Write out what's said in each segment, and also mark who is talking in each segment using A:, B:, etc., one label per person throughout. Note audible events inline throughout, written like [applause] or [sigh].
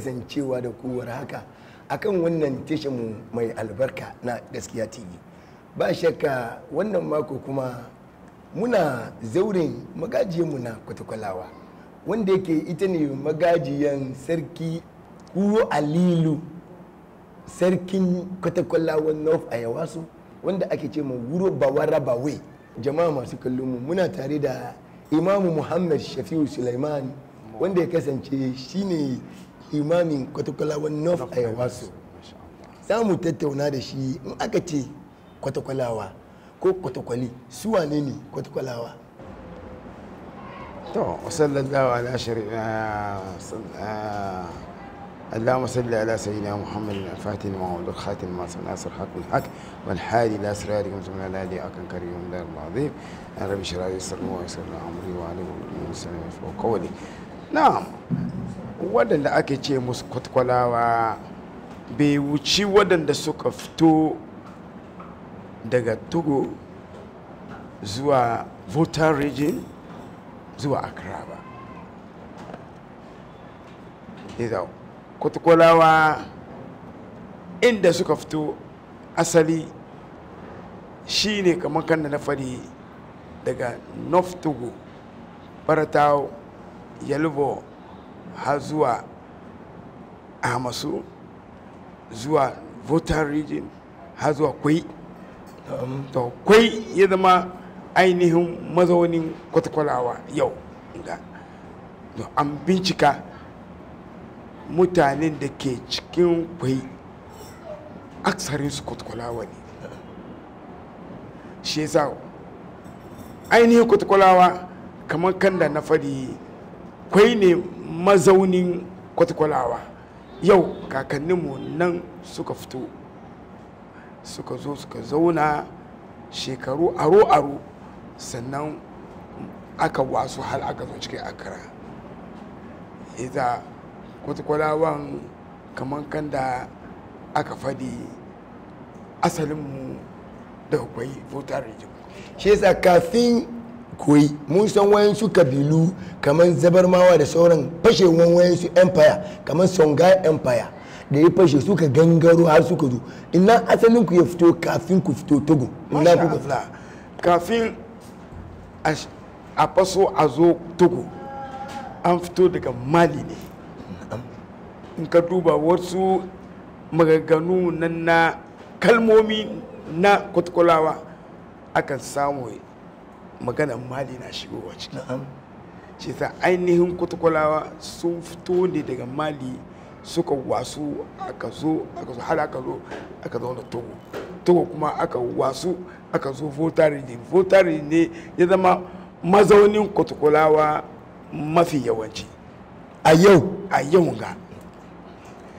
A: kasancewa da kowar haka akan wannan mu mai albarka na gaskiya tv ba shakka wannan mako kuma muna zaurin magajiyarmu na kwatakwalawa wanda yake ita ne magajiyan sarki kuro alilu sarkin kwatakwalawan north ayawasu wanda ake ce ma wuro bawara bawe jama'a masu kallon mu muna tare da imamu muhammad shafi'u sulaiman wanda ya kasance shine imamin kwatakwala wani north ayahuasca za tattauna da shi in aka ce kwatakwalawa ko kwatakwali su wane ne kwatakwalawa to wasallar dawa akan karim dar ma'zim waɗanda ake ce musu kwatkwalawa bai wuci waɗanda suka fito daga togo zuwa voter region zuwa accra ba kwatkwalawa inda suka fito asali shi ne kamar kan na fari daga north togo baratau yalbo har zuwa ahmasu zuwa voter region har zuwa kwai to kwai ya zama ainihin mazaunin kwatakwalawa yau ga an bincika mutanen da ke cikin kwai aksarin su kwatakwalawa ne shi yasa ainihin kwatakwalawa kamar kanda na fari kwai ne mazaunin kwatkwalawa yau kakanninmu nan suka fito suka zo suka zauna shekaru aro-aro sannan aka wasu har aka zo cikin akara ita kwatkwalawan kamar kan da aka fadi asalinmu da kwai voter regime shi yasa kafin koyi mun san wayansu kabilu kamar zabarmawa da sauran fashewan wayansu empire kamar songhai empire da ya fashe suka gangaro har suka zo ina asalin ku ya fito kafin ku fito togo ina ku kafin a faso a zo togo an fito daga mali ne in ka duba wasu magaganu na kalmomi na kwatkwalawa akan samu maganan mali na shigowa ciki shi sa ainihin kutukulawa sun fito ne daga mali suka wasu aka zo aka zo har aka zo aka zo da togo togo kuma aka wasu aka zo votari ne votari ne ya zama mazaunin kutukulawa mafi yawanci a yau a yau ga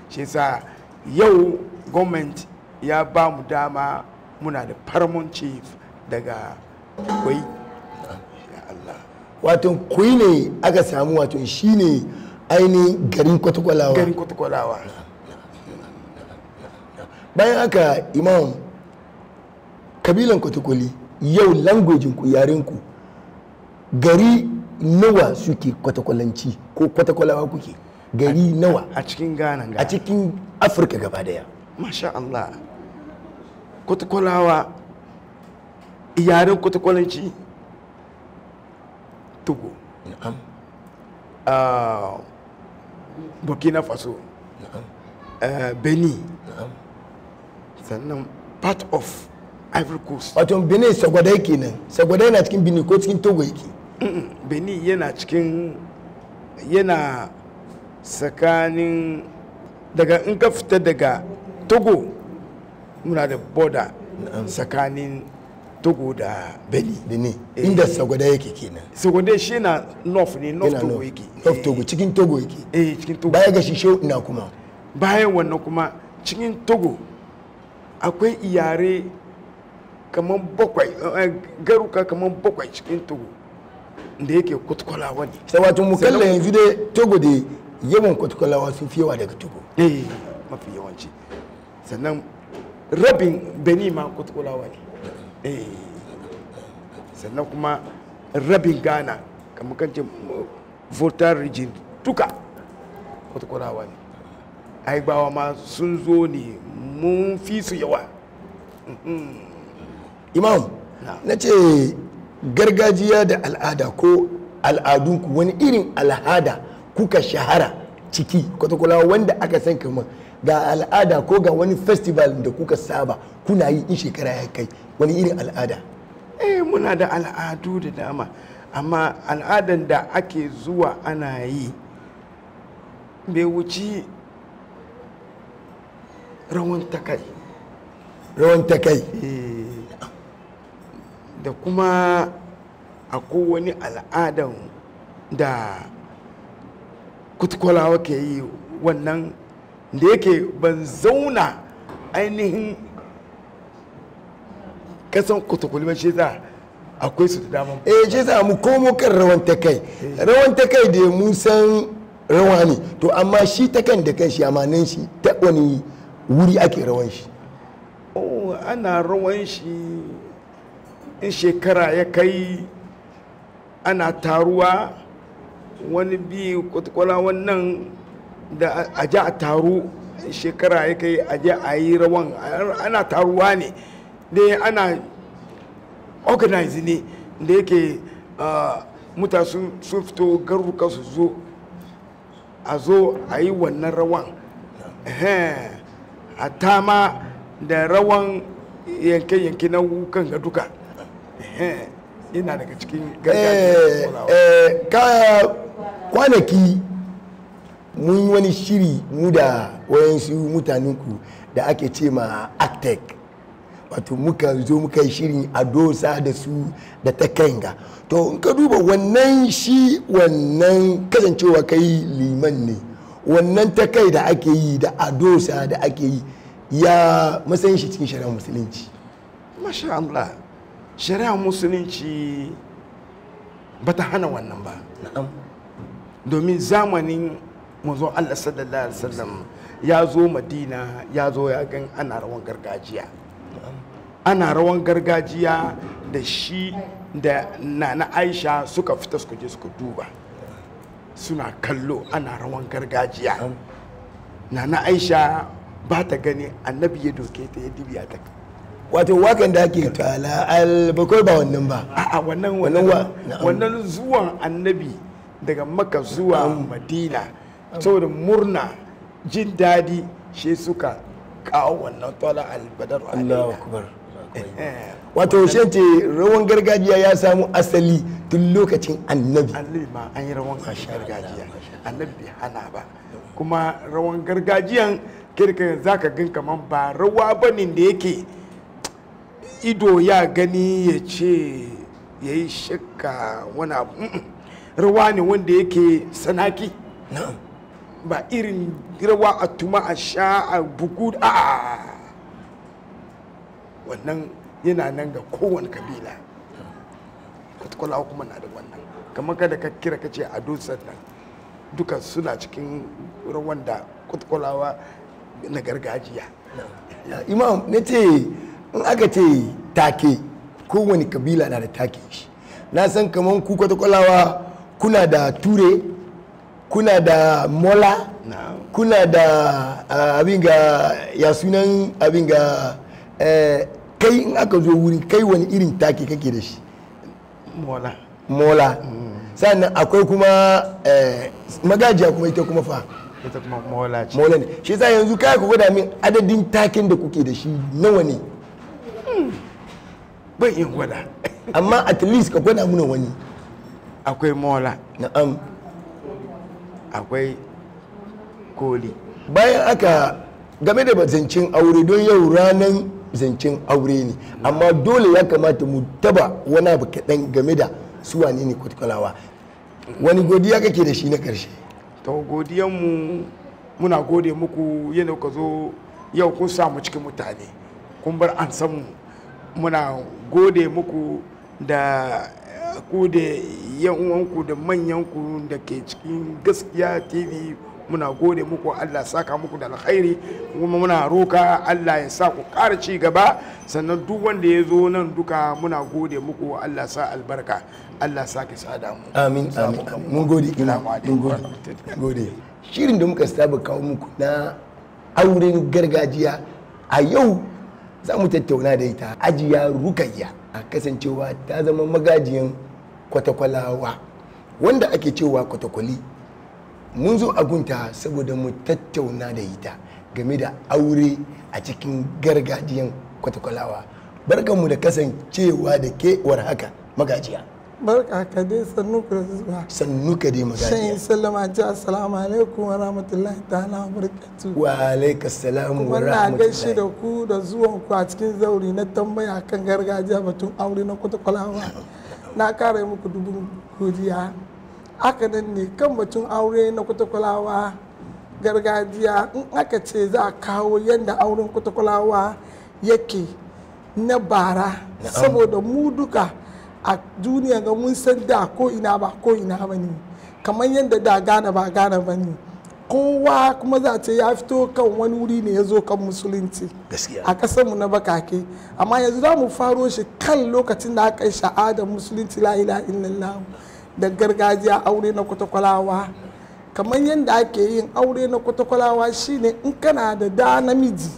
A: shi sa yau government ya ba mu dama muna da paramount chief daga kwai wato kuyi ne aka samu wato shi ne ainihin garin kwatakwalawa garin kwatakwalawa bayan aka imam kabilan kwatakwali yau langojin ku yaren ku gari nawa suke kwatakwalanci ko kwatakwalawa kuke gari nawa a cikin ghana a cikin afirka gaba daya masha allah kwatakwalawa yaren kwatakwalanci togo ah, burkina faso eh, benin sannan part of ivory coast wato benin sagwadai kenan sagwadai na cikin benin ko cikin togo yake benin yana cikin yana tsakanin daga in ka fita daga togo muna da border tsakanin togo da beni benin eh. inda sagwada yake kenan sagwada shi na north ne north togo yake north togo cikin togo yake eh cikin togo baya ga shishe na kuma bayan wannan kuma cikin togo akwai iyare kamar bakwai eh, garuka kamar bakwai cikin togo da yake kwatkwalawa ne sai wato kalla yanzu dai togo da yawan kwatkwalawa sun fi yawa daga togo eh mafi yawanci sannan rabin benin ma kwatkwalawa ne Eh, sannan kuma rabin ghana kamar kan ce voter region duka kwatakwarwa ne aibawa ma sun zo ne mun fi su yawa mm-hmm. imam na ce gargajiya da al'ada ko al'adunku wani irin al'ada kuka shahara ciki kwatakwala wanda aka san kamar ga al'ada ko ga wani festival da kuka saba kuna yi in shekara ya kai wani irin al'ada eh muna da al'adu da dama amma al'adan da ake zuwa ana yi bai wuci rawan takai rawan takai eh, da kuma a wani al'adan da kutukwalawa ke yi wannan da yake ban zauna ainihin kasan kutukulman shi za akwai su da dama eh shi mu komo kan rawan ta kai eh. rawan ta kai da mu san rawa ne to amma shi ta kan da kan shi amanin shi ta wani wuri ake rawan shi oh ana rawan shi in shekara ya kai ana taruwa wani bi kutukula wannan da a ji a taru shekara ya kai a ji a yi rawan ana taruwa ne da ana organize ne da yake muta sun fito garuka su zo a zo a yi wannan rawan a tama da rawan yanke-yanke na wukan ga duka yana daga cikin gargajiya eh, eh, kwanaki mun yi wani shiri mu da wayansu mutanenku da ake ce ma actec wato muka zo muka yi shirin a dosa da su da ta kanga to in ka duba wannan shi wannan kasancewa kai liman ne wannan ta kai da ake yi da a dosa da ake yi ya matsayin shi cikin shari'ar musulunci masha Allah shari'ar musulunci ba ta hana wannan ba domin zamanin mazo Allah sallallahu alaihi wasallam ya zo madina ya zo ya gan ana rawan gargajiya ana rawan gargajiya da shi da nana aisha suka fita suka je suka duba suna kallo ana rawan gargajiya nana aisha ba ta gani annabi ya doke ta ya dibiya ta wato wakan da ake tala albakwai ba wannan ba a wannan wannan zuwan annabi daga maka zuwa madina saboda murna jin daɗi shi suka kawo wannan tola albadar Allahu akbar eh, wato shi ce rawan gargajiya ya samu asali tun lokacin annabi annabi ma an yi rawan gargajiya annabi bai hana ba kuma rawan gargajiyan kirka za ka gan kamar ba rawa ba ne da yake ido ya gani ya ce ya yi shakka wani abu rawa ne wanda yake sanaki ba irin rawa a tuma a sha a bugu a wannan yana nan ga kowane kabila kwatakwala kuma na da wannan kamar kada ka kira ka ce a dusar nan duka suna cikin rawan da kwatakwalawa na gargajiya imam na ce in aka ce take kowane kabila na da take shi na san kamar ku kwatakwalawa kuna da ture kuna da mola kuna da ah, abin ga ya sunan abin ga eh, kai in aka zo wuri kai wani irin take kake da shi mola mola mm. sannan akwai kuma eh, magajiya kuma ita kuma fa ita kuma mola ce mola ne shi sa yanzu kai ku gwada min adadin takin da kuke da shi nawa ne hmm. bai yin gwada amma at least ka gwada muna wani akwai mola na'am akwai koli bayan aka game da zancen aure don yau ranar zancen aure ne amma dole ya kamata mu taba wani abu kaɗan game da suwa ne ne kwatkwalawa wani godiya kake da shi na ƙarshe to godiyanmu muna gode muku yana ka zo yau kun samu cikin mutane kun bar an samu muna gode muku da ku da yan uwanku da manyanku da ke cikin gaskiya tv muna gode muku allah saka muku da alkhairi kuma muna roka allah ya sa ku kara ci gaba sannan duk wanda ya zo nan duka muna gode muku allah sa albarka allah sa ki sa damu. amin amin mun gode ina mun gode shirin da muka saba kawo muku na auren gargajiya a yau za mu tattauna da ita ajiya rukayya a kasancewa ta zama magajiyan kwatakwalawa wanda ake cewa kwatakwali mun zo a gunta saboda mu tattauna da ita game da aure a cikin gargajiyan kwatakwalawa barkanmu da kasancewa da ke war haka magajiya barka ka dai sannu ku da zuwa sannu ka dai magajiya shan sallama ji assalamu alaikum wa rahmatullahi ta'ala wa barakatu wa alaika salamu wa rahmatullahi kuma gaishe da ku da zuwan ku a cikin zauri na tambaya kan gargajiya batun aure na kwatakwalawa na kara muku dubu godiya haka nan ne kan batun aure na kwatakwalawa gargajiya in aka ce za a kawo yadda auren kwatakwalawa yake na bara saboda mu duka a duniya ga mun san da ko ina ba ko ina ba ne kamar yadda da gane ba gane ba ne kowa kuma za ce ya fito kan wani wuri ne ya zo kan musulunci a ƙasarmu na bakake amma yanzu za mu faro shi kan lokacin da aka yi sha'adar musulunci la'ila illallah da gargajiya aure na kwatakwalawa kamar yadda ake yin aure na kwatakwalawa shine in kana da da namiji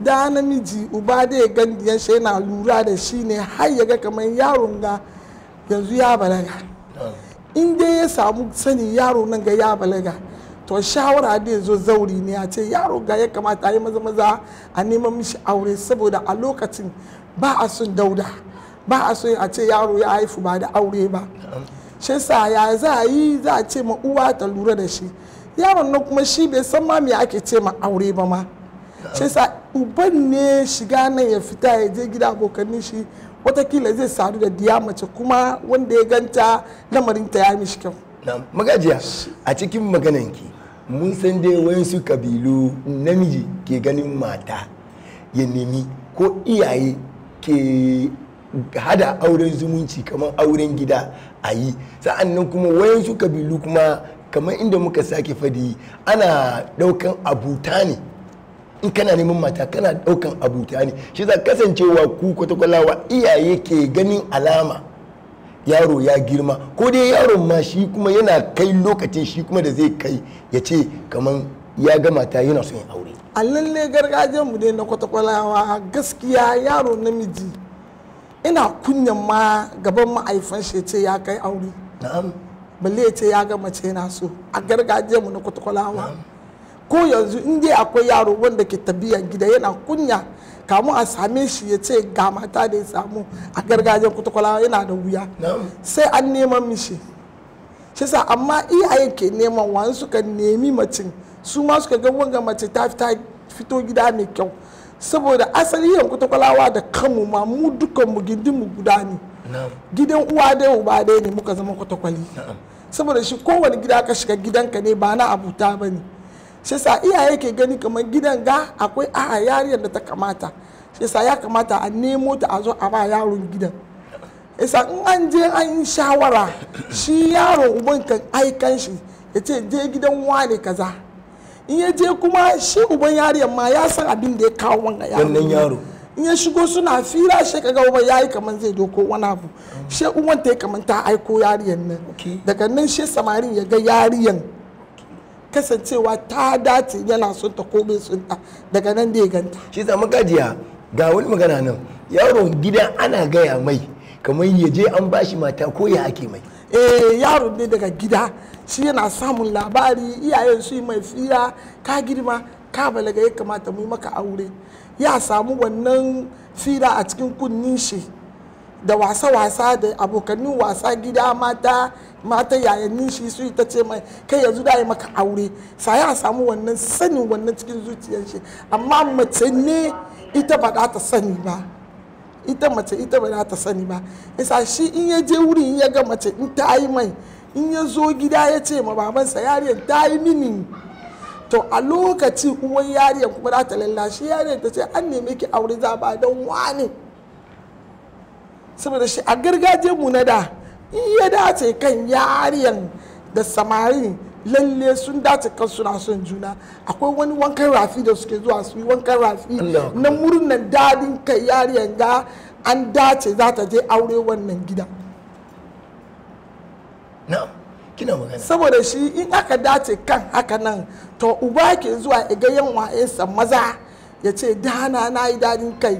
A: da namiji uba da ya gan yanshe yana lura da shi ne har ya ga kamar yaron ga yanzu ya balaga ah. in dai ya samu sani yaro nan ga ya balaga to shawara da zo zauri ne a ce yaro ga ya kamata a yi maza maza a neman mishi aure saboda a lokacin ba a son dauda ba a son a ce yaro ya haifu ba da aure ba shi sa ya za a yi za a ce ma uwa ta lura da shi yaron na kuma shi bai san ma me ake ce ma aure ba ma shi sa uban ne shiga nan ya fita ya je gida abokanin shi watakila zai sadu da diya mace kuma wanda ya ganta lamarinta ya mishi kyau magajiya a cikin maganan ki? mun san dai wayansu kabilu namiji ke ganin mata ya nemi ko iyaye ke hada auren zumunci kamar auren gida a yi sa'annan kuma wayansu kabilu kuma kamar inda muka sake fadi ana daukan abuta ne in kana neman mata kana daukan abuta ne shi za kasancewa ku wa iyaye ke ganin alama yaro ya girma ko dai yaron ma shi kuma yana kai lokacin shi kuma da zai kai ya ce kamar ya gama ta yana son aure a lalle gargajiyar mu dai na kwatakwalawa gaskiya yaro namiji ina kunyan ma gaban ma'aifan shi ce ya kai aure na'am balle ya ce ya ga mace na so a gargajiyar mu na kwatakwalawa ko yanzu in dai akwai yaro wanda ke tabiyan gida yana kunya kamu asami shi ya ce ga mata da ya samu a gargajiyar kwatakwalawa yana da wuya sai an neman mishi shi sa amma iyaye ke neman wani suka nemi macin su ma suka ga wanga mace ta fito gida mai kyau saboda asali yan kwatakwalawa da kanmu ma mu dukan mu gindin mu guda ne gidan uwa da uba ɗaya ne muka zama kwatakwali saboda shi kowane gida ka shiga gidanka ne ba na abuta ba ne shi sa iyaye ke gani kamar gidan ga akwai a yariyar da ta kamata shi sa ya kamata a nemo ta a zo a ba yaron gidan isa in an je an yi shawara shi yaro uban kan aikan shi ya ce je gidan wane kaza in ya je kuma shi uban yariyar ma ya san abin da ya kawo wannan yaro in ya shigo suna fira shi kaga uban yayi kaman zai doko wani abu shi uban ta kaman ta aiko yariyar nan daga nan shi samarin ya ga yariyar. kasancewa ta dace yana son ta komai sunta daga nan da ya ganta shi zama magajiya ga wani magana nan yaro gida ana gaya mai kamar ya je an bashi mata ko ya ake mai eh yaro ne daga gida shi yana samun labari iyayen su mai fira ka girma ka balaga ya kamata mu maka aure ya samu wannan fira a cikin kunnin shi da wasa-wasa da abokanin wasa gida mata mata yayanni shi su ta ce mai kai yanzu da maka aure sai a samu wannan sanin wannan cikin zuciyar shi amma mace ne ita ba za ta sani ba ita mace ita ba za ta sani ba isa shi in ya je wuri in ya ga mace in ta yi mai in ya zo gida ya ce ma babansa yariyar ta yi mini to a lokaci uwan yariyar kuma za ta lallashi yariyar ta ce an neme ki aure za ba don wani saboda shi a gargajiyar mu na da in dace kan yariyan da samari lalle sun dace kan suna son juna akwai wani wankan rafi da suke zuwa su yi wankan rafi na murnan dadin kai yariyan ga an dace za ta je aure wannan gida saboda shi in aka dace kan haka nan to uba ke zuwa ga yan wa'ensa maza ya ce dana na yi dadin kai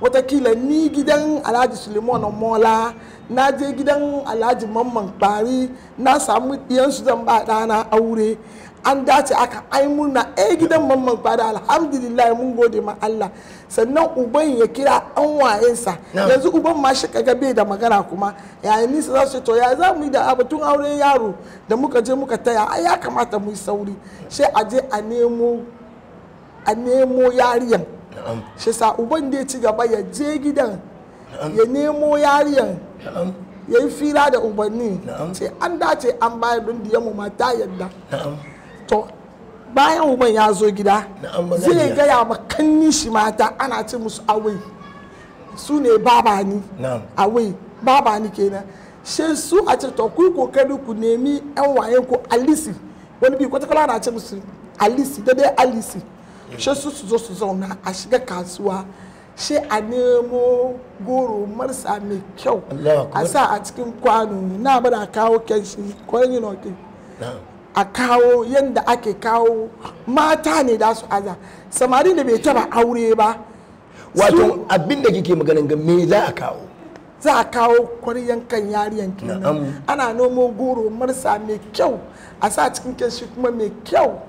A: watakila ni gidan alhaji suleiman mola na je gidan alhaji mamman bari na samu diyansu zan ba dana aure an dace aka ai murna eh gidan mamman bari alhamdulillah mun gode ma Allah sannan uban ya kira an wayensa yanzu uban ma shi kaga bai da magana kuma yayin nisa za su to ya za mu yi da abatun aure yaro da muka je muka taya ai ya kamata mu yi sauri sai a je a nemo a nemo yariyan shi sa uban da ya ci gaba ya je gidan ya nemo yariyan ya yi fira da ubanni sai an dace an bayar don mu ma ta yadda to bayan uban ya zo gida
B: zai gaya
A: makanni shi mata ana ce musu awai su ne babani awai babani kenan shi su a ce to ku kokari ku nemi yan waye ku alisi wani bi kwata na ce musu alisi da dai alisi shi su so zo su zauna a shiga kasuwa shi a nemo goro marsa mai kyau a sa a cikin kwano na bana kawo kenshi kwanin noki a kawo yadda ake kawo mata ne da su aza samari da bai taba aure ba wato abin da kike maganin ga me za a kawo za a kawo kwaryan kan yariyan kenan ana nomo goro marsa mai kyau a sa cikin kenshi kuma mai kyau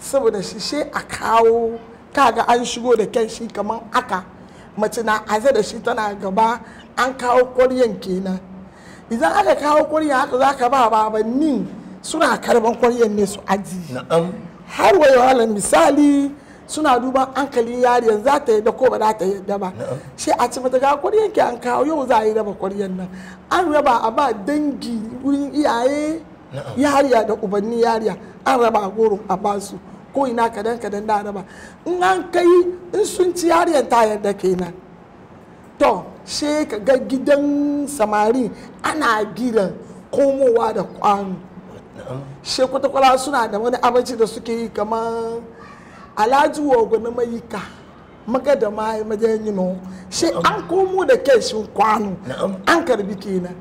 A: saboda shi she a kawo kaga an shigo da kyan shi kamar aka mace na aza da shi tana gaba an kawo kwaryan kenan idan aka kawo kwarya haka za ka ba babanni suna karban kwaryan ne su aji har wayo misali suna duban hankali yariyar za ta yadda ko ba za ta yadda ba shi a ci mata ga kwaryan ke an kawo yau za a yi raba kwaryan nan an raba a ba dangi wurin iyaye yariya da ubanni yariya an raba goro a basu ko ina kadan kadan da raba in an kai in sun ci yariyar ta ke kenan to she ka ga gidan samari ana gidan komowa da kwano she kwatakwala suna da wani abinci da suke yi kamar alhaji wogo na mayika maka da mai majanyi no she an komo da kai shi kwano an karbi kenan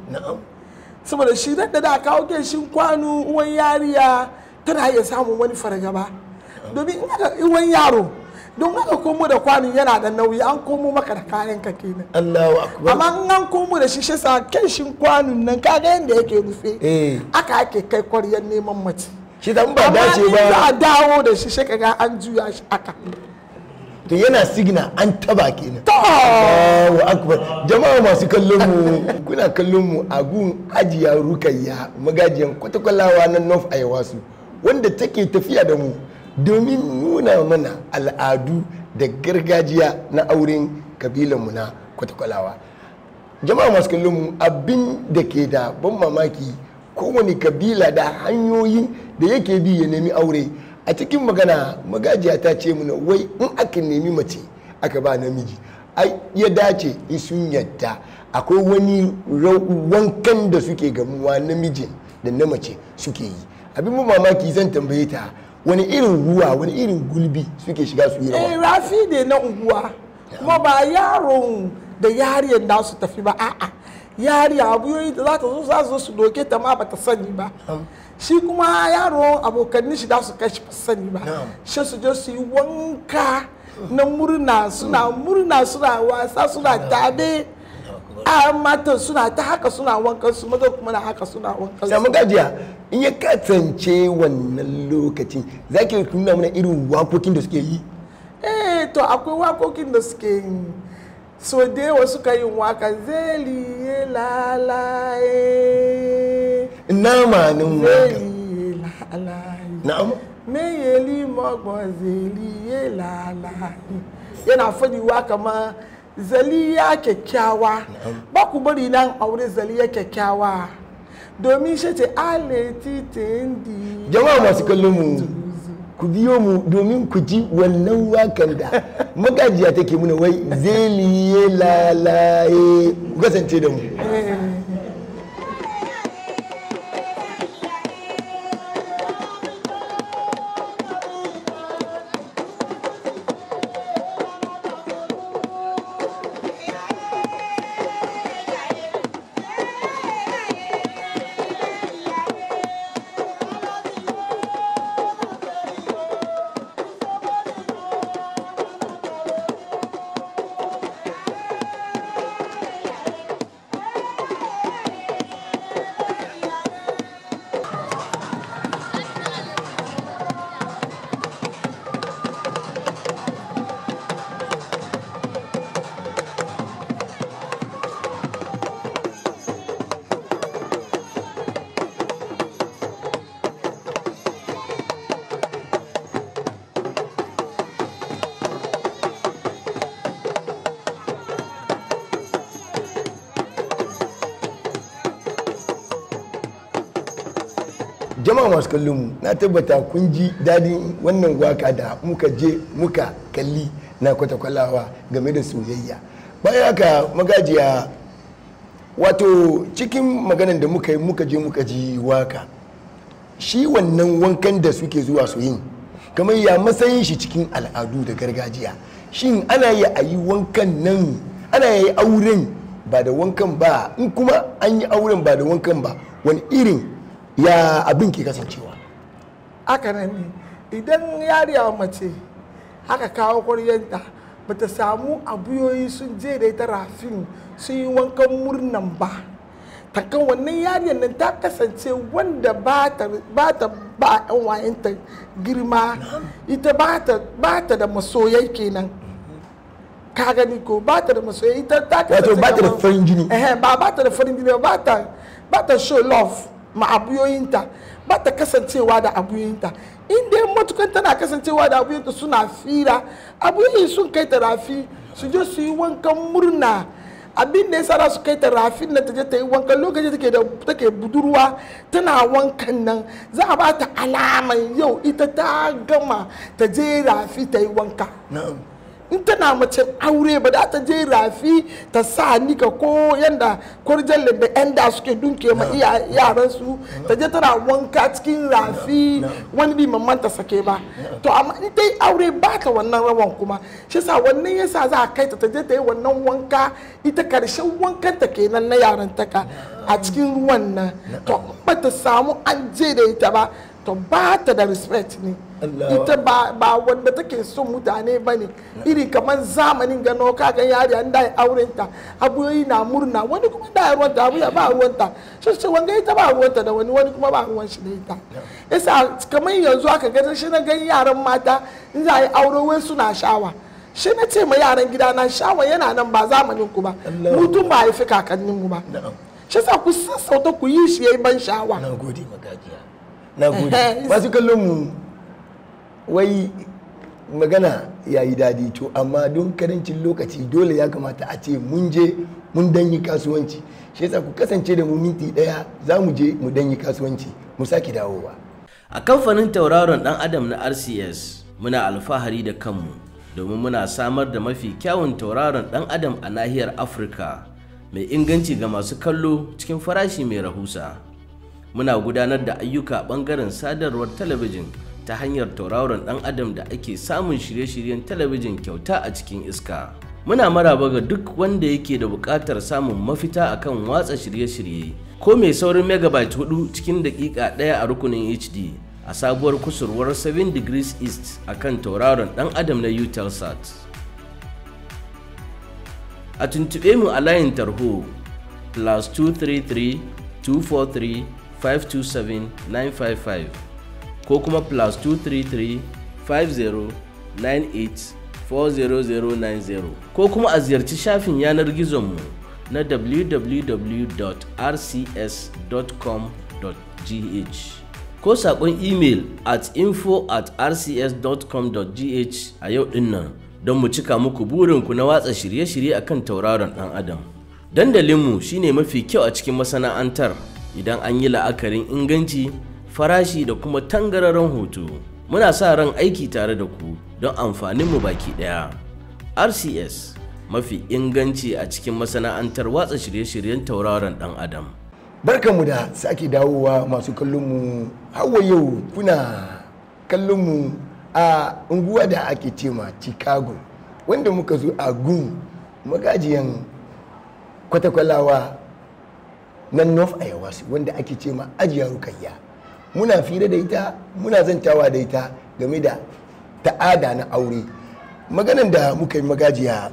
A: saboda shi da da kawo geshin kwano uwan yariya tana iya samun wani fargaba domin uwan yaro don haka komo da kwanin yana da nauyi an komo maka da kayan ka kenan Allahu akbar amma an komo da shi shi sa shin kwanin nan kaga yanda yake rufe eh aka ake kai kwaryar neman mace shi dan ba dace ba dawo da shi shi kaga an juya shi aka to yana sigina an taba kenan Allahu akbar jama'a masu kallon mu kuna kallon mu a gun ajiya rukayya magajiyan kwatakwalawa na North Ayawasu wanda take tafiya da mu domin nuna mana al'adu da gargajiya na auren kabilan mu na kwatakwalawa jama'a masu kallon mu abin da ke da ban mamaki kowane kabila da hanyoyin da yake bi ya nemi aure a cikin magana magajiya ta ce mana wai in aka nemi mace aka ba namiji ya dace in sun yadda akwai wani wankan da suke gamuwa namijin da na mace suke yi abin mu mamaki zan tambaye ta wani irin ruwa wani irin gulbi suke shiga su yi rawa eh, rafi ne na unguwa kuma ba yaron da yariyar da su tafi ba a'a yariya abuyoyi da za ta zo za su doke ta ma ba ta sani ba shi kuma yaro abokanin shi da su kai shi sani ba shi su je su yi wanka na murna suna murna suna wasa suna tabe a matan suna ta haka suna wankan su maza kuma na haka suna wankan su samun gajiya in ya kasance wannan lokacin za ki nuna mana irin wakokin da suke yi eh to akwai wakokin da suke yi so da yawa suka yi wakan zeli lalaye nama nin waka na'am me yeli zeli ye lalaye yana wa kama zaliya kyakkyawa ba ku bari nan aure zaliya kyakkyawa domin shi ce aleti tendi jama'a masu kallon mu ku biyo mu domin ku ji wannan wakan da [laughs] magajiya take muna wai zeliye lalaye ku kasance da mu eh. masu na tabbata kun ji dadin wannan waka da muka je muka kalli na kwatakwalawa game da soyayya bayan haka magajiya wato cikin maganan da muka yi muka je muka ji waka shi wannan wankan da suke zuwa su kamar ya matsayin shi cikin al'adu da gargajiya shin ana yi a yi wankan nan ana yi auren ba da wankan ba in kuma an yi auren ba da wankan ba wani irin ya abin ke kasancewa haka nan ne idan yariya mace haka kawo kwaryanta ba ta samu abuyoyi sun je da ita rafin sun yi wankan murnan ba takan wannan yariyar nan ta kasance wanda ba ta ba yan wayanta girma ita ba ta da masoyai kenan ka gani ko ba ta da masoyai ita ta kasance ba ta da farin jini ba ta da farin jini ba ta show love ma abuyoyinta ba ta kasancewa da abuyoyinta in dai matukan tana kasancewa da abuyoyinta suna fira abuyoyin sun kai ta rafi su je su yi wankan murna abin da ya sa su kai ta rafi na je ta yi wankan lokacin take da take budurwa tana wankan nan za a ba ta alaman yau ita ta gama ta je rafi ta yi wanka in tana mace aure ba da ta je rafi ta sa nika ko yanda kurjan da yan da suke dunke ma yaran su ta je tana wanka cikin rafi wani bi mamman ta sake ba to amma in ta yi aure ba ta wannan rawan kuma shi sa wannan yasa za kai ta ta je ta yi wannan wanka ita karshen wankan ta kenan na yaran taka a cikin ruwan nan to ba ta samu an je da ita ba to ba ta da respect ne ita ba ba wanda take son mutane ba ne iri kamar zamanin gano kakan yari an da aurenta abuyoyi na murna wani kuma da ruwanta abu ya ba ruwanta shi ce wanga ita ba ruwanta da wani wani kuma ba ruwan shi da ita isa kamar yanzu aka gani shi na gan yaran mata in za a yi aure wai suna shawa shi na ce ma yaran gida na shawa yana nan ba zamanin ku ba mutum ba ya fi kakannin mu ba shi sa ku sassauta ku yi shi yayi ban shawa na gode magajiya na gode [laughs] masu kallon mu wai magana ya yi daɗi to amma don karancin lokaci dole ya kamata a ce mun je mun danyi kasuwanci shi yasa ku kasance da mu minti ɗaya za mu je mu danyi kasuwanci mu sake dawowa
B: a kamfanin tauraron dan adam na rcs muna alfahari da kanmu domin muna samar da mafi kyawun tauraron dan adam a nahiyar afirka mai inganci ga masu kallo cikin farashi mai rahusa muna gudanar da ayyuka bangaren sadarwar talabijin ta hanyar tauraron dan adam da ake samun shirye-shiryen talabijin kyauta a cikin iska muna maraba ga duk wanda yake da buƙatar samun mafita akan watsa shirye-shirye ko mai saurin megabyte hudu cikin daƙiƙa ɗaya a rukunin hd a sabuwar kusurwar 7 degrees east akan tauraron dan adam na utelsat a tuntuɓe mu a layin tarho plus 233 243 527 955 ko kuma plus 233-5098-40090 ko kuma a ziyarci shafin yanar gizonmu na www.rcs.com.gh ko saƙon imel at info at rcs.com.gh a yau ɗin nan don mu cika muku burinku na watsa shirye-shirye a kan tauraron ɗan adam dandalinmu shine mafi kyau a cikin masana'antar idan an yi la'akarin inganci farashi da kuma tangararren hoto muna sa ran aiki tare da ku don amfaninmu baki daya rcs mafi inganci a cikin masana'antar watsa shirye-shiryen tauraron dan adam
A: barkanmu da sake dawowa masu kallonmu hawa yau kuna kallon mu a unguwa da ake cema chicago wanda muka zo a gun magajiyan kwatakwalawa na north ayawasu wanda ake cema ajiyar rukayya muna fira da ita muna zantawa da ita game da ta'ada na aure maganan da muka yi magajiya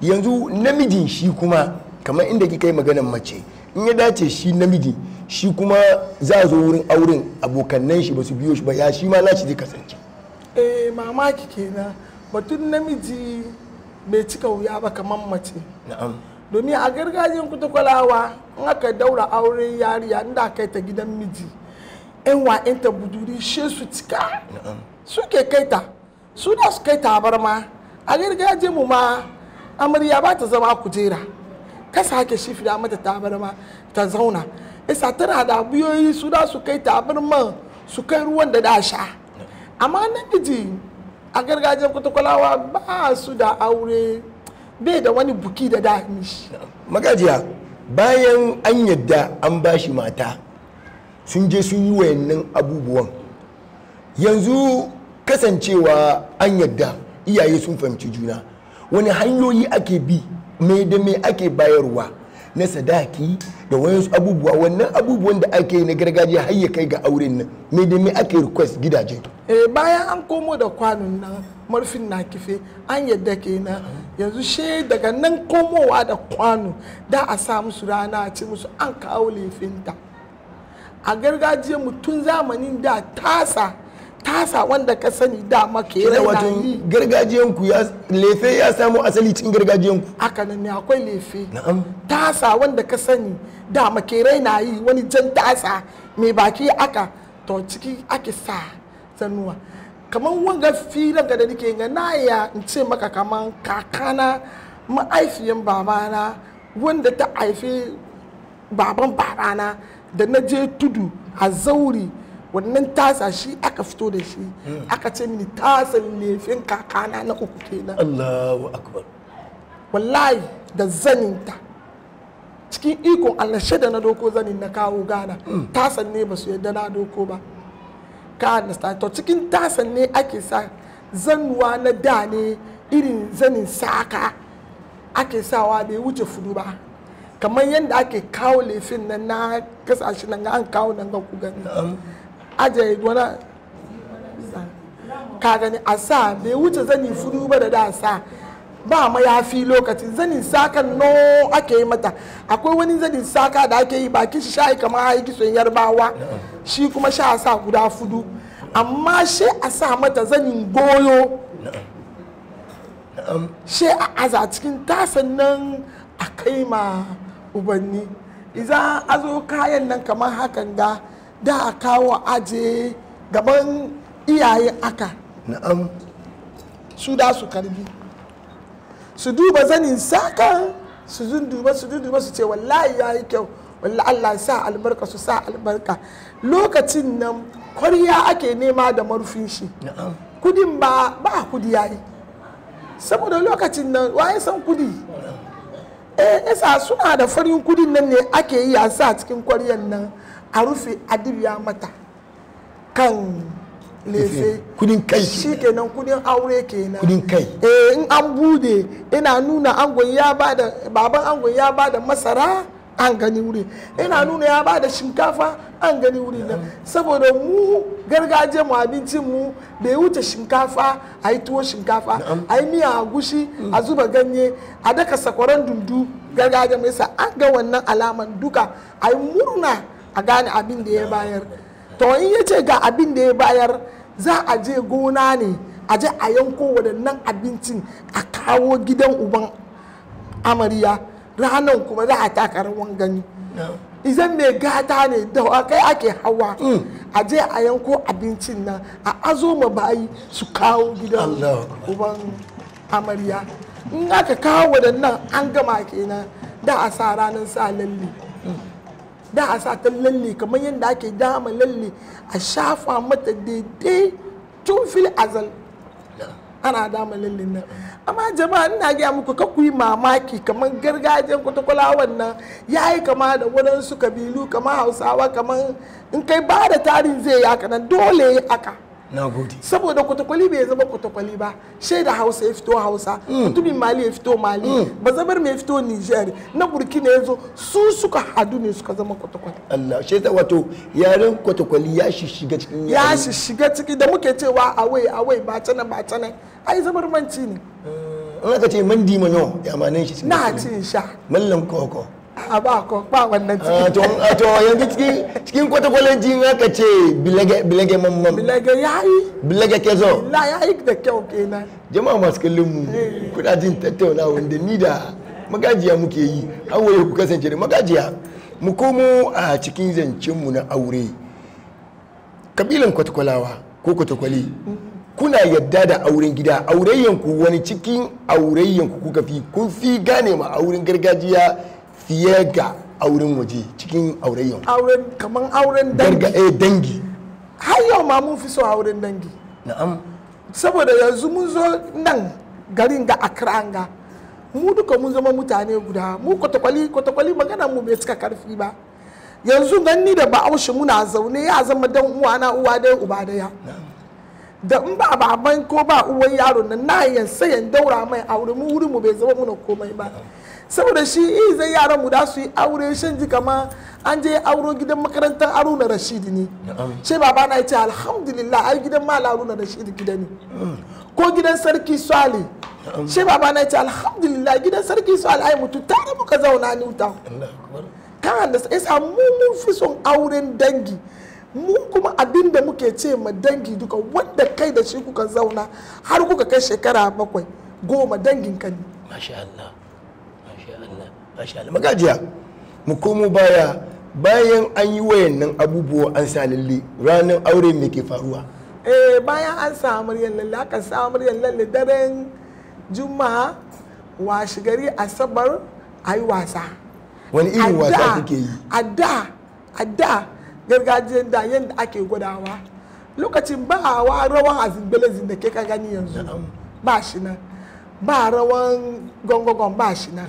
A: yanzu namijin shi kuma kamar inda kika yi maganan mace in ya dace shi namiji shi kuma za a zo wurin auren abokannan shi ba su biyo shi ba ya shi ma lashi zai kasance eh mamaki kenan batun namiji bai cika wuya ba kamar mace na'am domin a gargajiyar kuta kwalawa in aka daura auren yariya inda kai ta gidan miji 'yan enta buduri she su cika suke kaita su da su kai tabarma a gargaje mu ma amarya ba ta zama kujera ka sake shifida mata tabarma ta zauna isa tana da buyoyi su da su kai barma su kai ruwan da da sha amma namiji a gargajiyar kwatakwalawa ba su da aure bai da wani buki da da mishi magajiya bayan an yadda an bashi mata sun je sun yi wayannan abubuwan yanzu kasancewa an yadda iyaye sun fahimci juna wani hanyoyi ake bi mai da mai ake bayarwa na sadaki da wayansu abubuwa wannan abubuwan da ake na gargajiya har ya kai ga auren nan mai da mai ake request gidaje eh bayan an komo da kwanon nan marfin na kife an yadda na yanzu she daga nan komowa da kwano da a sa musu rana a ce musu an kawo laifinta a gargajiyar mutum zamanin da tasa tasa wanda ka sani da maka yana wato gargajiyan ku lefe ya samu asali cikin gargajiyan ku haka ne akwai lefe tasa wanda ka sani da makerai na yi wani jan tasa mai baki aka to ciki ake sa zanuwa kamar wanga filin ga da nake ga na ya ce maka kamar kakana ma'aifiyan babana wanda ta haifi baban barana. da na je tudu a zauri wannan tasa shi aka fito da shi hmm. aka ce mini tasan lefin kakana na uku kenan Allahu akbar wallahi da zaninta cikin ikon Allah da na doko zanin na kawo gana hmm. tasan ne ba su yadda na doko ba ka to cikin tasan ne ake sa zanuwa na da ne irin zanin saka ake sawa bai wuce fudu ba kamar yadda ake kawo laifin nan na kasashe nan an kawo nan ga kugan aje wani ka gani a sa bai wuce zani fudu ba da da sa ba ma ya fi lokaci zani saka no ake yi mata akwai wani zani saka da ake yi bakin shi shayi kamar yi kitson yarbawa shi kuma sha sa guda fudu amma she a sa mata zanin goyo she a aza cikin tasan nan a kai ma ubanni iza a zo kayan nan kamar hakan da da a kawo aje gaban iyaye aka na'am su da su karbi su duba zanin sakan su duba su duba su ce wallahi ya yi kyau wallahi Allah sa albarka su sa albarka lokacin nan kwarya ake nema da marufin shi kudin ba ba kudi yi saboda lokacin nan waye san kudi eh yasa suna da farin kudin nan ne ake yi a sa cikin kwaryan nan a rufe adibiya mata kan lefe kudin kai shi kenan kudin aure kenan kudin kai eh in an bude ina nuna angon ya bada baban angon ya bada masara an gani wuri ina nuna ya ba da shinkafa an gani wuri nan saboda mu gargajiyar mu abincin mu bai wuce shinkafa a yi tuwo shinkafa a yi miya a gushi a zuba ganye a daka sakwaran dundu gargajiyar mai sa an ga wannan alaman duka a yi murna a gane abin da ya bayar to in ya ce ga abin da ya bayar za a je gona ne a je a yanko waɗannan abincin a kawo gidan uban amariya Ranan kuma za a taka rawan gani izan mai gata ne da kai ake hawa mm. a je a yanko abincin nan a azo ma bayi su kawo gidan uban amarya in aka kawo waɗannan an gama kenan da a sa ranar sa lalle mm. da a sa ta lalle kamar yadda ake dama lalle a shafa mata daidai tun fil azal ana dama lallin nan amma jama'a ina gaya muku ka ku yi mamaki kamar gargajiyar kwatakwala wannan ya yi kama da wadansu kabilu kamar hausawa kamar in kai ba da tarin zai yaka nan dole ya aka na gode saboda kwatakwali bai zama kwatakwali ba shaida hausa ya fito hausa mm. mutumin mali ya fito mali ba mm. bazabar mai fito niger na burkina ya zo su suka hadu ne suka zama kwatakwali allah shai shaida wato yaren kwatakwali ya shi shiga cikin ya shi shiga ciki da muke cewa awai awai ba ta nan ba ta nan ai zabar manci ne eh, in aka ce mandi manyo ya manin shi na cin sha mallam koko a ba ko wannan cikin ah, ah, to yanzu cikin kwatakwalen jin haka ce bilage bilage mamman bilage yayi bilage kezo la yayi da kyau kenan jama masu kallon mu eh. kuna jin tattaunawa da ni da magajiya muke yi an waye ku kasance da magajiya mu komo a cikin zancenmu na aure kabilan kwatakwalawa ko kwatakwali kuna yadda da auren gida aurayyanku wani cikin aurayyanku kuka fi kun fi gane ma auren gargajiya fiye ga auren waje cikin yau. auren kaman auren dangi eh dangi har yau ma mun fi so auren dangi na'am saboda yanzu mun zo nan garin ga akranga mu duka mun zama mutane guda mu kwatakwali kwatakwali magana mu bai cika karfi ba yanzu ganni da ba'aushe muna zaune ya zama dan uwa na uwa dai uba daya da in ba baban ko ba uwan yaro nan na yan yan daura mai aure mu wuri mu bai zama muna komai ba saboda shi yi eh, zai yaran mu da su yi aure shan ji kama an je auro gidan makarantar aruna rashidi ne shi baba na ce alhamdulillah ai gidan mal aruna rashidi gida ne hmm. ko gidan sarki swale shi baba na ce alhamdulillah gidan sarki swale ai mutu tare muka zauna ni wuta kan da isa mu mun fi son auren dangi mu kuma abin da muke ce ma dangi duka wanda kai da shi kuka zauna har kuka kai shekara bakwai goma dangin ka ne masha Allah mashallah magajiya mu komo baya bayan an yi wayannan abubuwa an sa lalle ranar aure me ke faruwa eh bayan an sa amaryar lalle aka sa amaryar lalle daren juma'a washe gari asabar yi wasa wani irin wasa kuke yi a da a da gargajiyar da yadda ake gwadawa lokacin ba a wa rawan azimbelezin da ke ka gani yanzu ba shi nan ba rawan gongogon ba shi nan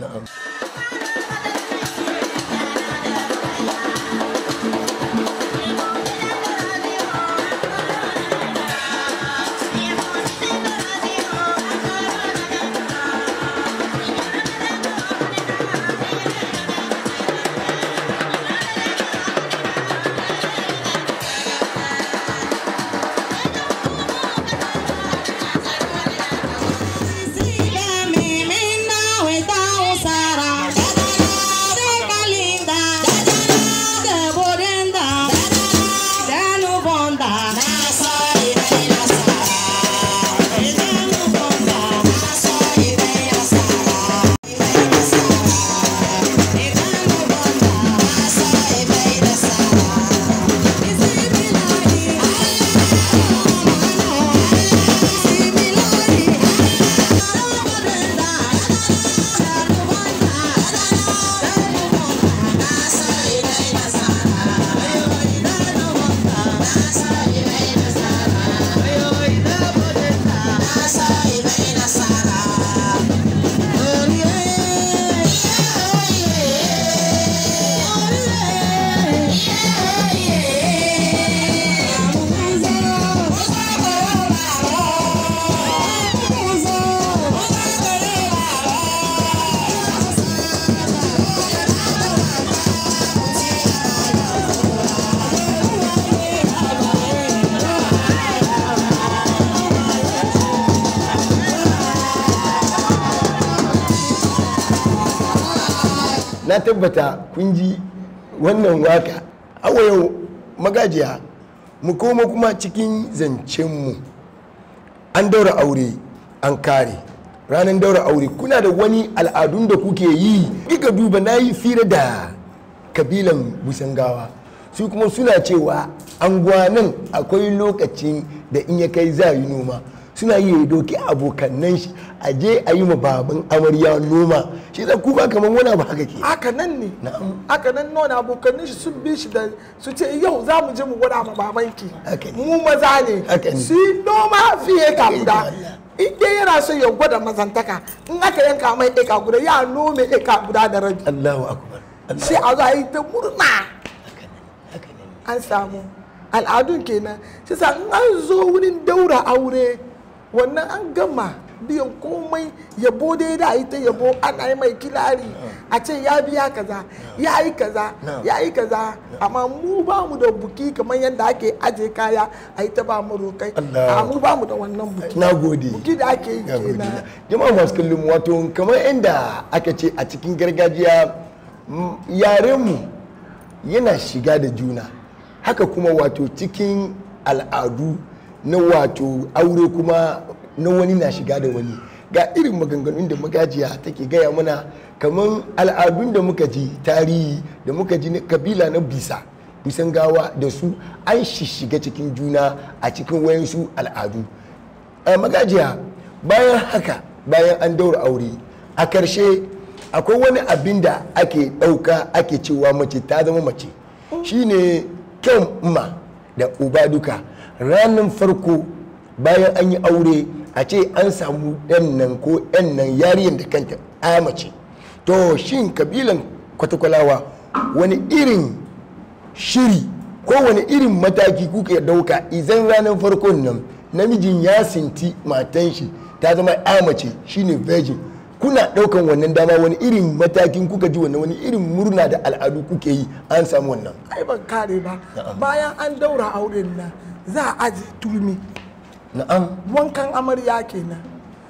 A: na tabbata kun ji wannan waka awa yau magajiya mu koma kuma cikin zancenmu an daura aure an kare ranar daura aure kuna da wani al'adun da kuke yi kika duba na yi fira da kabilan busangawa su kuma suna cewa nan akwai lokacin da in ya kai za yi noma suna yi ya doki abokannan shi a je a yi ma baban amarya noma shi da kuma kamar wani abu haka ke haka nan ne haka nan nona abokannin shi sun bi shi da su ce yau za mu je mu gwada ma babanki mu maza ne su noma fiye ka guda in dai yana so ya gwada mazantaka in aka yanka mai eka guda ya nome eka guda da rabi Allahu akbar sai a za a yi ta murna an samu al'adun kenan sai sa an zo wurin daura aure wannan an gama biyan komai yabo dai da ita yabo ana yi mai kilari a ce ya biya kaza ya yi kaza ya yi kaza amma mu ba mu da buki kamar yadda ake aje kaya a yi ta ba mu rokai a mu ba mu da wannan buki na gode buki da ake yi kenan jama'a masu kallon wato kamar yadda aka ce a cikin gargajiya yaren mu yana shiga da juna haka kuma wato cikin al'adu na wato aure kuma na wani na shiga da wani ga irin maganganun da magajiya take gaya mana kamar al'adun da muka ji tarihi da muka ji kabila na bisa bisan gawa da su an shiga cikin juna a cikin wayansu al'adu a eh, magajiya bayan haka bayan an daura aure a karshe akwai wani abin da ake ɗauka ake cewa mace ta zama mace oh. shine kyan ma da uba duka ranar farko bayan an yi aure a ce an samu ɗan nan ko ɗan nan yariyan da kanta amace to shin kabilan kwatakwalawa wani irin shiri ko wani irin mataki kuka dauka izan ranar farkon nan namijin ya sinti matan shi ta zama amace shine virgin kuna daukan wannan dama wani irin matakin kuka ji wannan wani irin murna da al'adu kuke yi an samu wannan ai ban kare ba bayan an daura auren nan za a aji turmi na'am wankan amarya kenan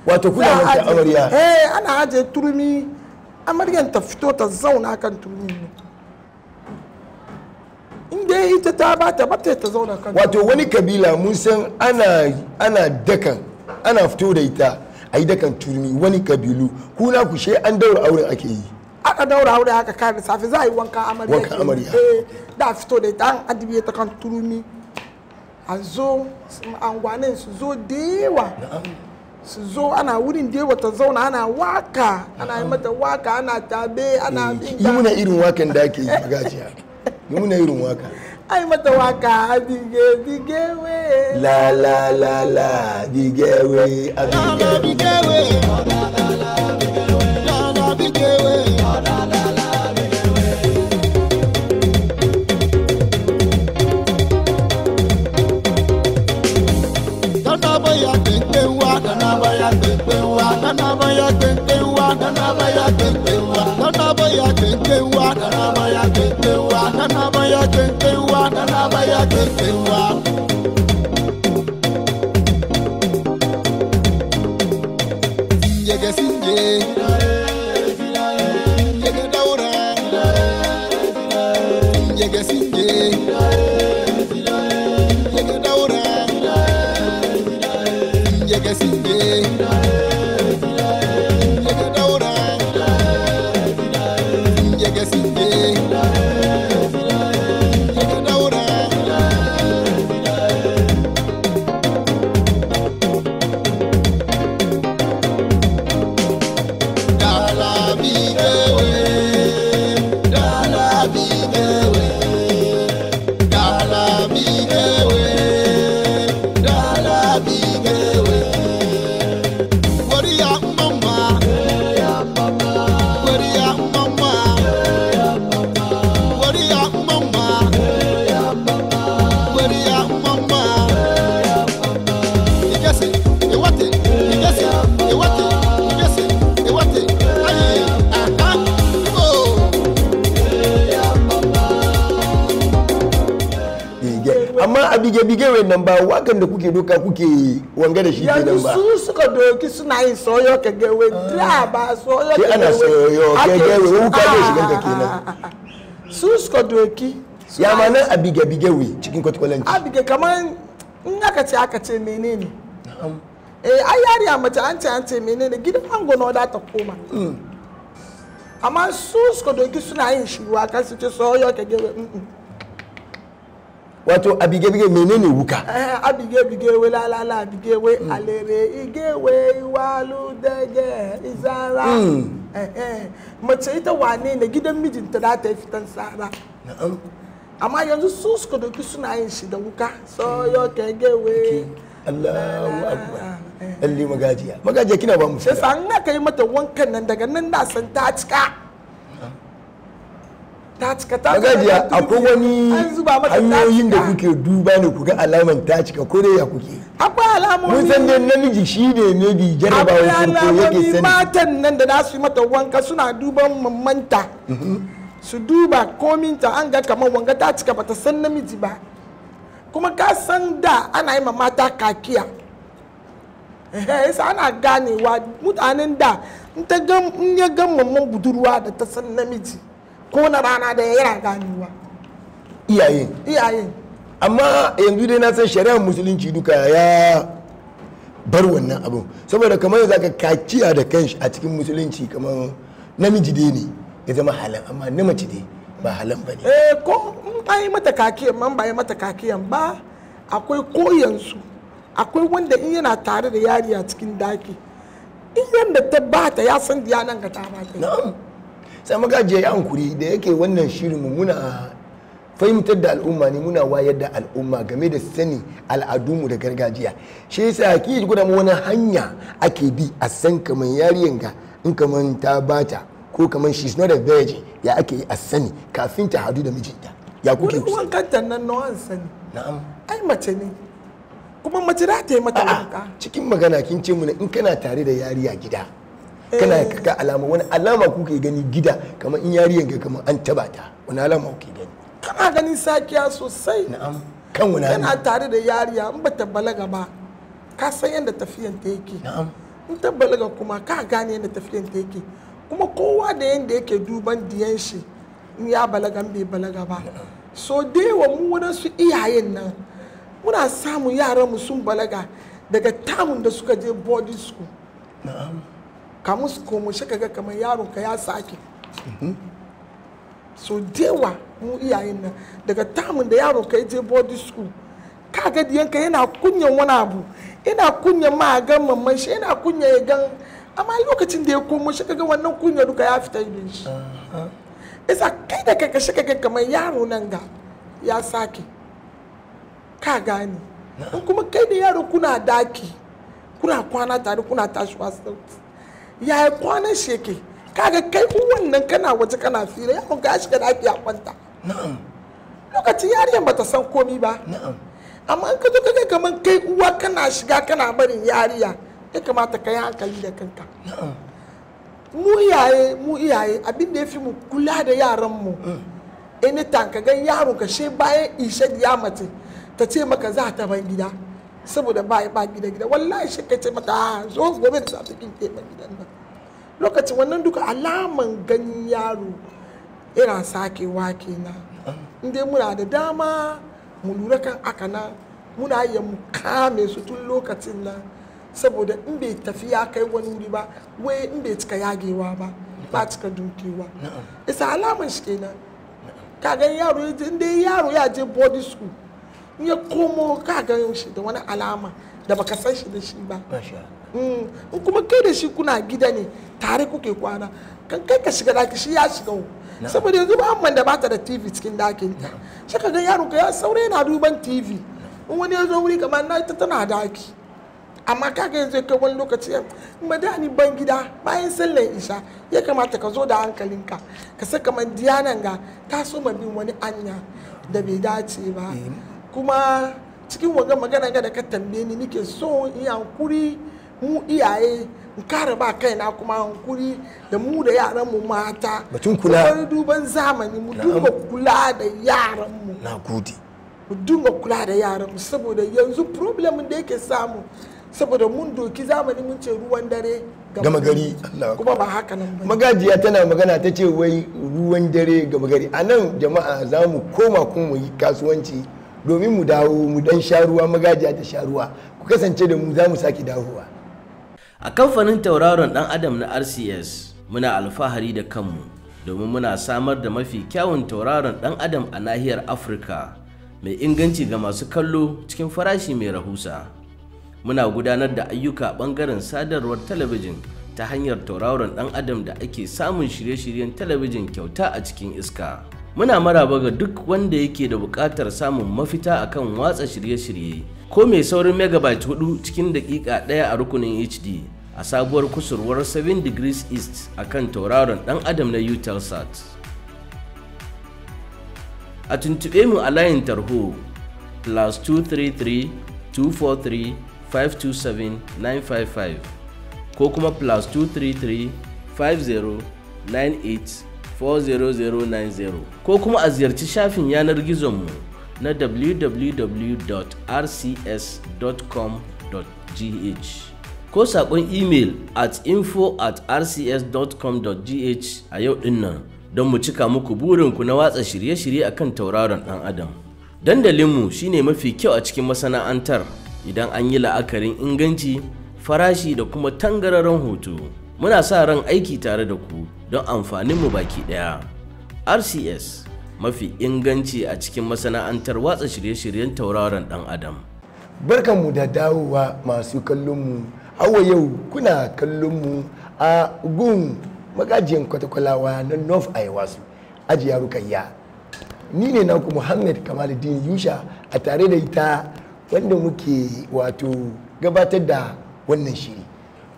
A: wato kuna wankan amarya eh ana aje turmi amaryan ta fito ta zauna kan turmi in dai ita ta bata bata ta zauna kan wato wani kabila mun san ana ana dakan ana fito da ita a yi dakan turmi wani kabilu kuna ku she an daura auren ake yi aka daura aure haka kafin safi za a yi wankan amarya wankan amarya eh, da fito da ita an adibiye ta kan turmi a zo angwanin su zo su zo ana wurin dewa ta zauna ana waka ana yi mata waka ana tabe ana eh, yi muna irin wakan da ake yi magajiya yi muna irin waka [laughs] ai mata waka bige bige we la la la la bige we a bige we gbàgbé pé wá. nan ba wakan da kuke doka kuke wanga da shi ke nan ba yanzu su suka doki suna yin soyo ka gawe ah. da ba soyo ke ana soyo ke gawe ah. wuka da shigan ka kenan su suka doki ya ma nan abige bige we cikin kwatkwalanci abige kamar in aka ce aka ce menene eh ai yari a mace an ce an ce menene gidan na da ta koma mm. amma su suka doki suna yin shi wakan su ce soyo ka gawe wato abige-bige menene wuka eh, abige-bige we lalala abige we hmm. alere ige we iwalu dege izara hmm. eh, eh, mace ita wane na gidan mijinta za ta yi fitan tsara amma yanzu su suka doki suna yin shi da wuka so hmm. yo kege we Allahu akbar alli magajiya magajiya kina ba mu sai an na kai mata wankan nan daga nan da san ta cika ta cika ta magajiya akwai wani hanyoyin da kuke duba ne ku alaman ta cika ko ne ya kuke akwai alamomi mun san dai namiji shi ne ne bi jarabawa farko yake sani matan nan da za su mata wanka suna duban mamanta mm-hmm. su duba kominta an ga kamar wanga ta cika bata san namiji ba kuma ka san da ana yi mata kakiya yasa ana ganewa mutanen da in ya gan mamman budurwa da ta san namiji ko na rana da yana ganewa iyaye iyaye amma yanzu dai na san shari'ar musulunci duka ya bar wannan abin saboda kamar yanzu ka kaciya da kanshi a cikin musulunci kamar namiji dai ne ya zama halan amma na mace dai ba halan ba ne eh ko in ba yi mata kakiyan man ba yi mata kakiyan ba akwai koyansu akwai wanda in yana tare da yari a cikin daki in yanda ta bata ya san diyanan ka ta bata na'am sai magaji ya yi hankuri da yake wannan shirin muna fahimtar da al'umma ne muna wayar da al'umma game da sani al'adunmu da gargajiya shi yasa ki gwada mu wani hanya ake bi a san kamar yariyan ga in kamar ta bata ko kamar she's not a virgin ya ake yi a sani kafin ta hadu da mijinta ya kuke kusa wani kantan nan na wani sani na'am ai mace ne kuma mace za ta yi mata wanka cikin magana kin ce mu in kana tare da yariya gida kana ka alama wani alama kuke gani gida kamar in yariyan ga kamar an taba ta wani alama kuke gani kana ganin sakiya sosai na'am kan wani kana tare da yariya in bata balaga ba ka san yadda tafiyan ta yake na'am in ta balaga kuma ka gane yadda tafiyan ta yake kuma kowa da yadda yake duban diyan shi in ya balaga bai balaga ba so da wa mu su iyayen nan muna samun yaran mu sun balaga daga tamun da suka je boarding school na'am kamu su komo shi kaga kamar yaron ka ya sake mhm. so dewa mu iyayen nan daga tamun da yaron ka je body school kaga ka yana kunyan wani abu ina kunyan ma gan mamman shi ina kunya ya gan amma lokacin da ya komo shi kaga wannan kunya duka ya fita idan shi isa kai da kai shi kaga kamar yaro nan ga ya sake ka gani kuma kai da yaro kuna daki kuna kwana tare kuna tashi wasu yaya kwanan sheke kaga kai wannan kana waje kana fira yawon ka shi daki a kwanta lokaci lokacin yariyan bata san komi ba amma an ka kaga kai uwa kana shiga kana barin yariya ya kamata ka yi hankali da kanka mu iyaye mu iyaye abin da ya fi mu kula da yaran mu mm. anytime ka gan yaro ka she bayan ishe ya mace ta ce maka za ta ban gida saboda ba ba gida gida wallahi shi kai ce maka ah, zo gobe da safe kin ke
B: gidan nan
A: lokacin wannan duka alaman ganin yaro sake sakewa kenan inda muna da dama mu lura kan aka na muna iya mu kame su tun lokacin na saboda in bai tafi ya kai wani wuri ba wai in bai cika yagewa ba ba cika dukewa isa alaman shi kenan kagan yaro inda yaro ya je body school N ya komo ka ganin shi da wani alama da baka san shi da shi ba mm. in kuma kai da shi kuna gida ne tare kuke kwana kan kai ka shiga daki shi ya shiga saboda yanzu ba amman da bata da tv cikin dakin ta shi ka ga yaro ka ya saurayi na duban tv in wani ya zo wuri kamar na ita tana daki amma ka kaga yanzu kai wani lokaci madani ban gida bayan sallar isha ya kamata ka zo da hankalinka ka saka man diyanan ga ta so ma bin wani anya da bai dace ba eh, kuma cikin waga magana ga da ka tambaye ni nike so in hankuri mu iyaye in kare ba na kuma hankuri da mu da yaran mu mata batun kula kuma duban zamani mu duba kula da yaran mu na gode mu duba kula da yaran mu saboda yanzu problem da yake samu saboda mun doki zamani mun ce ruwan dare gama gari kuma ba haka nan ba magajiya tana magana ta ce wai ruwan dare gama gari anan jama'a zamu koma kuma yi kasuwanci domin mu dawo mu dan sha ruwa magajiya ta sha ku kasance da mu za mu sake dawowa
B: a kamfanin tauraron dan adam na rcs muna alfahari da kanmu domin muna samar da mafi kyawun tauraron dan adam a nahiyar afirka mai inganci ga masu kallo cikin farashi mai rahusa muna gudanar da ayyuka bangaren sadarwar talabijin ta hanyar tauraron dan adam da ake samun shirye-shiryen talabijin kyauta a cikin iska muna maraba ga duk wanda yake da bukatar samun mafita akan watsa shirye-shirye ko mai saurin megabyte hudu cikin daƙiƙa ɗaya a rukunin hd a sabuwar kusurwar 7 degrees east akan tauraron dan adam na utelsat a tuntuɓe mu a layin tarho plus 233 243 527 955 ko kuma plus 233 50 98 40090 ko kuma a ziyarci shafin yanar gizonmu na www.rcs.com.gh ko saƙon imel at info at rcs.com.gh a yau ɗin don mu cika muku burinku na watsa shirye-shirye a kan tauraron ɗan adam dandalinmu shine mafi kyau a cikin masana'antar idan an yi la'akarin inganci farashi da kuma tangararren hoto muna sa ran aiki tare da ku don amfaninmu baki ɗaya rcs mafi inganci a cikin masana'antar watsa shirye-shiryen tauraron dan adam
A: barkanmu da dawowa masu kallon mu hawa yau kuna mu a gun magajiyan kwatakwalawa na north ayawasu ajiya rukayya ni ne naku muhammad kamaluddin yusha a tare da ita wanda muke wato gabatar da wannan shiri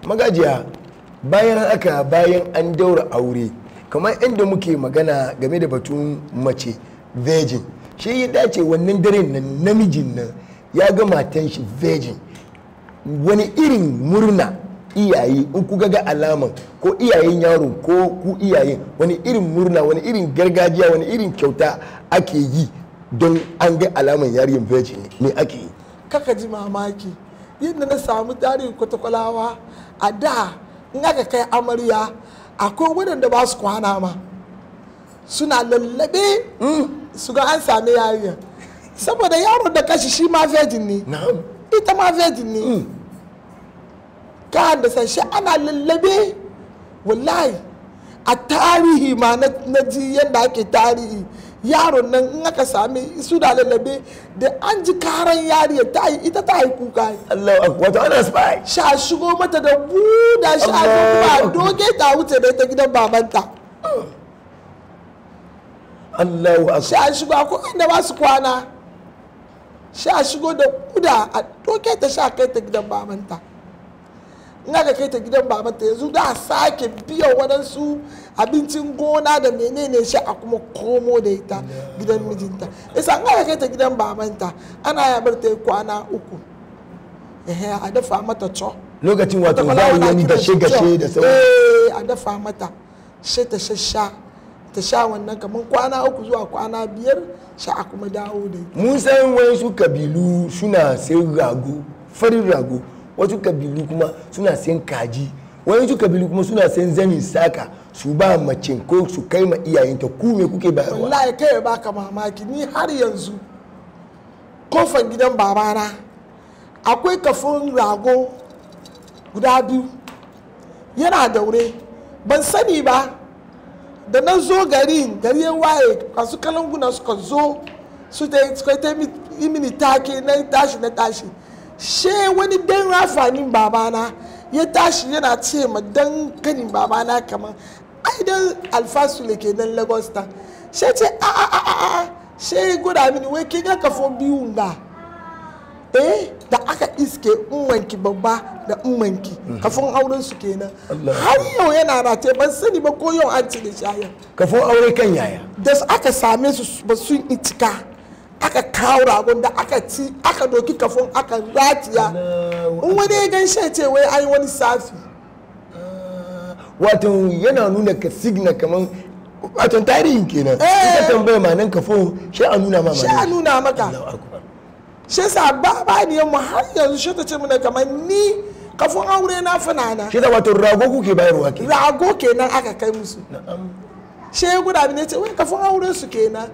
A: magajiya bayan haka bayan an daura aure kamar inda muke magana game da batun mace virgin shi ya dace wannan dare nan namijin nan ya ga matan shi virgin wani irin murna iyaye in ku ga alaman ko iyayen yaro ko ku iyayen wani irin murna wani irin gargajiya wani irin kyauta ake yi don an ga alaman yarin virgin ne ake yi kaka ji mamaki yadda na samu tarihin kwatakwalawa a da in aka kai amarya akwai waɗanda ba su kwana ma suna lallabe mm. su ga an sami yariya saboda yaro da kashi shi ma virgin ne ita ma virgin ne mm. ka da shi ana lallabe wallahi a tarihi ma na ji yadda ake tarihi yaron nan in aka sami su da lalabe da an ji karan ya ta yi ita ta yi kuka Allah wata ana spy sha shigo mata da buda sha ba doge ta wuce da ita gidan babanta sha shigo ko inda ba su kwana sha shigo da buda a doge ta sha kai ta gidan babanta in aka kai ta gidan babanta yanzu da sake biya waɗansu abincin gona da menene shi a kuma komo da ita gidan mijinta isa in aka kai ta gidan babanta ana ya bar ta yi kwana uku a dafa mata co lokacin wato za a yi gashe gashe da sauran eh a dafa mata sai ta shasha ta sha wannan kamar kwana uku zuwa kwana biyar sha a kuma dawo da ita mun san wasu kabilu suna sai rago farin rago wasu kabilu kuma suna sayan kaji wasu kabilu kuma suna sayan zanin saka su ba mace ko su kai ma iyayenta ku me kuke bayarwa wallahi kai baka mamaki ni har yanzu kofan gidan babana akwai kafin rago guda biyu yana daure ban sani ba da na zo garin gari ya waye masu kalanguna suka zo su ta yi mini take na tashi na tashi she wani dan rafanin babana ya tashi yana ce ma dan kanin babana kamar ai dan alfasu da ke nan lagos ta she ce a a a a she guda mini wai kin ga kafo biyun da eh da aka iske umanki babba da umanki mhm. kafin auren su kenan har yau yana na te ban sani ba ko yau an ci da shayar kafin aure kan yaya da aka same su ba sun itika aka kawo ragon da aka ci aka doki kafin aka raciya in wani ya gan shi ce wai ai wani safi wato yana nuna ka signa kaman wato tarihin kenan eh. ita tambaya ma nan kafo shi a nuna ma shi a nuna maka shi sa ba ba ni mu har yanzu shi ta ce mana kaman ni kafin aure na fanana shi da wato rago kuke bayarwa ke rago kenan aka kai musu na'am shi guda ne ce wai kafin aure su kenan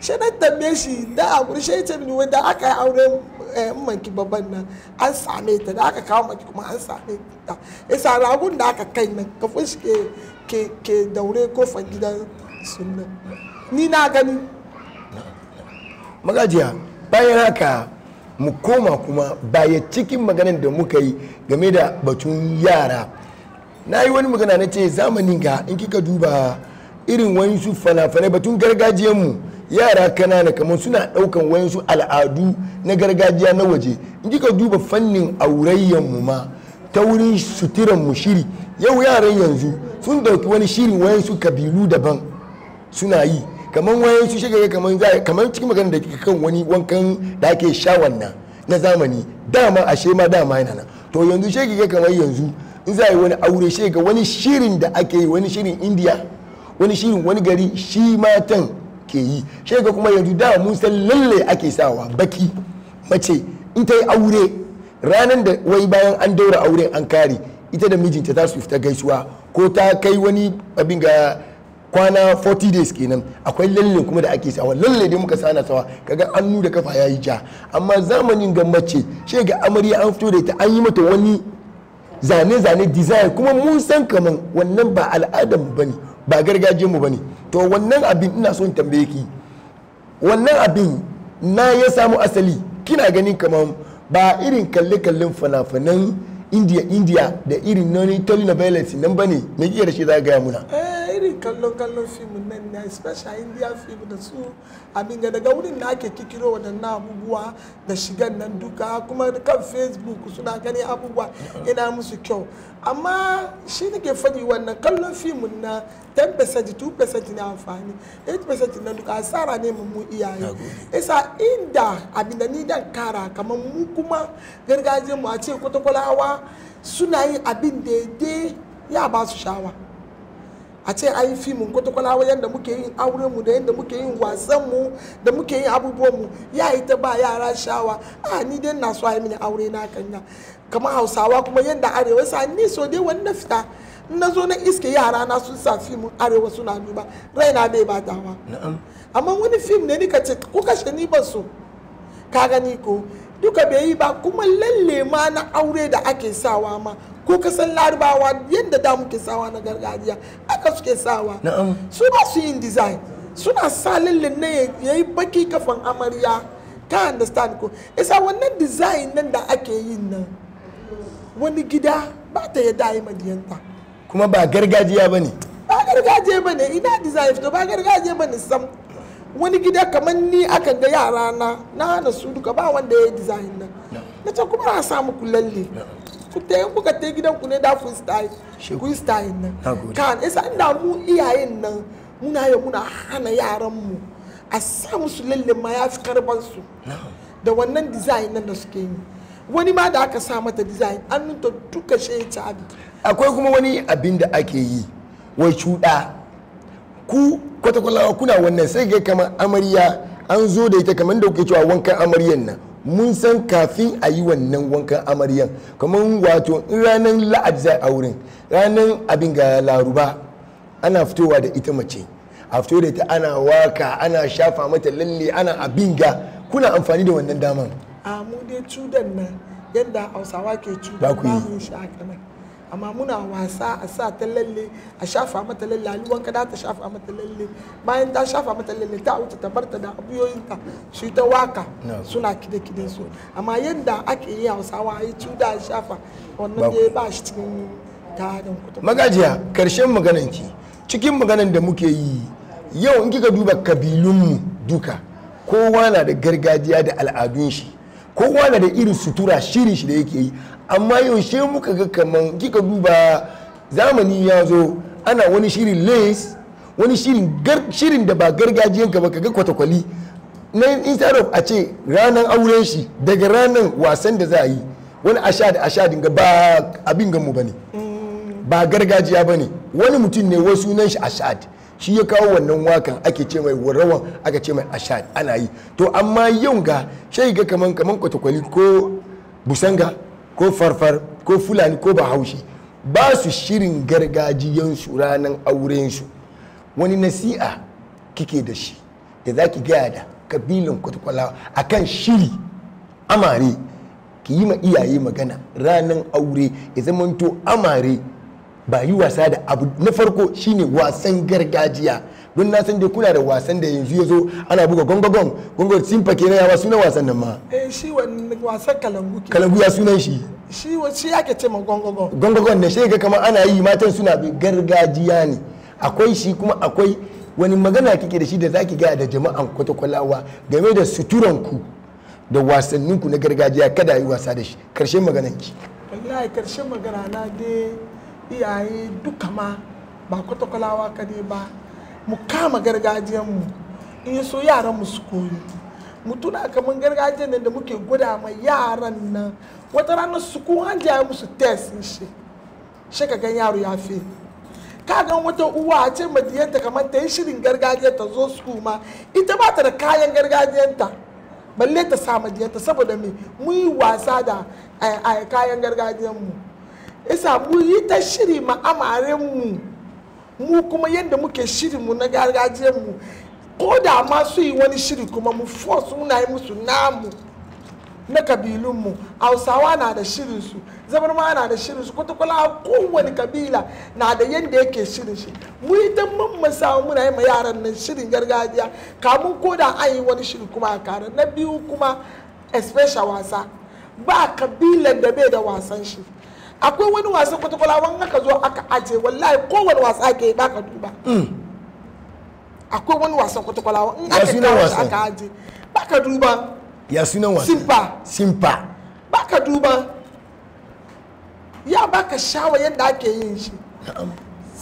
A: shanar na shi da a gurin ce mini wanda aka yi aure eh, manki babban nan an same ta da aka kawo maki kuma an same ta isa ragun da aka kai nan kafin shi ke ke daure kofar gidan sunna ni na gani magajiya bayan haka mu koma kuma baya cikin maganin da muka yi game da batun yara na yi wani magana na ce zamani ga in kika duba irin wani su fana fana batun gargajiyanmu yara kanana kamar suna ɗaukan wayansu al'adu na gargajiya na waje in kika duba fannin aurayyan mu ma ta wurin suturan mu shiri yau yaran yanzu sun dauki wani shiri wayansu kabilu daban suna yi kamar wayansu shiga kamar za kamar cikin magana da kika kan wani wankan da ake sha wannan na zamani dama ashe ma dama yana nan to yanzu shi kamar yanzu in za a yi wani aure shiga ga wani shirin da ake yi wani shirin indiya wani shirin wani gari shi matan ke yi shega kuma yanzu da mun san lalle ake sawa baki mace in ta yi aure ranar da wai bayan an daura aure an kare ita da mijinta ta su fita gaisuwa ko ta kai wani abin ga kwana 40 days kenan akwai lalle kuma da ake sawa lalle dai muka sana sawa kaga hannu da kafa yayi ja amma zamanin ga mace shi ga amarya an fito da ita an yi mata wani zane-zane design kuma mun san kaman wannan ba al'adam bane ba gargajiyar mu bane to wannan abin ina so in tambaye ki wannan abin na ya samu asali kina ganin kamar ba irin kalle-kallen fanafanan fanan india india da irin non telenovela nan bane me kike da shi za ga muna eh, irin kallon kallon fim nan na special india fim da su abin ga daga wurin na ake kikiro waɗannan abubuwa da shigan nan duka kuma kan facebook suna gani abubuwa ina musu kyau amma shi nake faɗi wannan kallon fim na 10% 2% na amfani 8% na duka asara ne mu mu iyaye isa inda abin da ni dan kara kamar mu kuma gargajiyar mu a ce kwatakwalawa suna yin abin daidai ya ba su shawa a ce a yi fimin kwatakwalawa yadda muke yin auren mu da yadda muke yin wasan mu da muke yin abubuwan mu ya yi ta ba yara shawa a ni dai na so a mini aure na kanya kamar hausawa kuma yadda arewa sa ni so dai wani na fita na zo na iske yara na sun sa fim arewa suna duba raina bai batawa amma wani fim ne ka ce ko kashe ni ba so ka gani ko duka bai yi ba kuma lalle ma na aure da ake sawa ma ko kasan larabawa yadda da muke sawa na gargajiya aka suke sawa su ba su yin design suna sa lalle ne ya yi baki kafan amarya ka understand ko isa wannan design nan da ake yin nan wani gida ba ta yadda yi madiyanta kuma ba gargajiya ba ne ba gargajiya ba ne ina design fito ba gargajiya ba ne sam wani gida kamar ni aka ga yara na na hana su duka ba wanda ya yi design nan na can kuma na samu ku lalle ku ta yin kuka ta gidan ku ne da kun style ku style nan kan isa inda mu iyayen nan muna yi muna hana yaran mu a sa musu lalle ma ya fi karban su da wannan design nan da suke yi wani ma da aka sa mata design an ta duka shi ya akwai kuma wani abin da ake yi wai cuɗa ku kwatakwalawa kuna wannan sai ga kama amarya an zo da ita kamar da kuke cewa wankan amaryan nan mun san kafin a yi wannan wankan amaryan kamar wato ranar la'ad za a wurin ranar abin ga laruba ana fitowa da ita mace a fito da ita ana waka ana shafa mata lalle ana abin ga kuna amfani da wannan daman a mu dai cudan nan yadda hausawa ke cudan ba mu shi amma muna wasa a sa ta lalle a shafa mata lalle aluwan ka ta shafa mata lalle bayan ta shafa mata lalle ta wuce ta barta da abuyoyinta shi ta waka suna kide kide su amma yadda ake yi hausawa yi ci a shafa wannan da ba shi cikin tarin kuta magajiya karshen maganan ki cikin maganan da muke yi yau in kika duba kabilunmu duka kowa na da gargajiya da al'adun shi kowa na da irin sutura shirin shi da yake yi amma yaushe muka ga kaman kika duba zamani ya zo ana wani shirin lace wani shirin shirin da ba gargajiyan ka ga kwatakwali na instead a ce ranar auren shi daga ranar wasan da za a yi wani asha da a dinga ba abin ba bane ba gargajiya bane wani mutum ne wasu nan shi ashadi. shi ya kawo wannan wakan ake ce mai warawan aka ce mai ashad ana yi to amma yau ga shai ga kaman kaman kwatakwali ko busanga ko farfar ko fulani ko bahaushe ba su shirin gargajiyansu ranar aurensu wani nasi'a kike da shi da za ki gaya da kabilan kwatakwala a kan shiri amare ki yi ma iyaye magana ranar aure ya zamanto amare ba yi wasa da abu na farko shine wasan gargajiya don na san dai kuna da wasan da yanzu ya zo ana buga gongogon gongogon simfa ke na yawa sunan wasan nan ma eh shi wani wasan kalangu ke kalangu ya sunan shi shi shi yake ce ma gongogon gongogon ne shi ga kamar ana yi matan suna gargajiya ne akwai shi kuma akwai wani magana kike da shi da zaki gaya da jama'an kwatakwalawa game da suturanku da wasanninku na gargajiya kada yi wasa da shi karshen magana ki wallahi karshen magana na dai iyaye duka ma ba kwatakwalawa ne ba mu kama gargajiyanmu in so yaran mu su koyi mu tuna kamar gargajiyar nan da muke gwada ma yaran nan wata ranar su ko an jaya musu test in shi shi ka gan yaro ya fi ka gan wata uwa a ce madiyanta kamar ta yi shirin gargajiyar ta zo su ma ita ba ta da kayan gargajiyanta balle ta sa madiyanta saboda me mu yi wasa da eh, eh, kayan gargajiyar mu isa mu yi ta shiri ma mu mu kuma yadda muke shiri mu na gargajiyar mu ko da ma su yi wani shiri kuma mu force muna yi musu namu na kabilunmu hausawa na da shirin su shirinsu ma na da shirin shirinsu kwatakwala kowane kabila na da yadda yake shirin shi mu yi ta mammasa muna yi ma yaran nan shirin gargajiya kamun ko da an yi wani shiri kuma a kare na biyu kuma especially wasa ba kabilan da bai da wasan shi akwai wani wasa kwatakwala wani aka zo aka aje wallahi kowane wasa ake ba ka duba mm. akwai wani wasa kwatakwala wani aka kawo aka aje ba ka duba ya sunan wasa? simpa simpa ba ka duba ya baka shawa yadda ake yin shi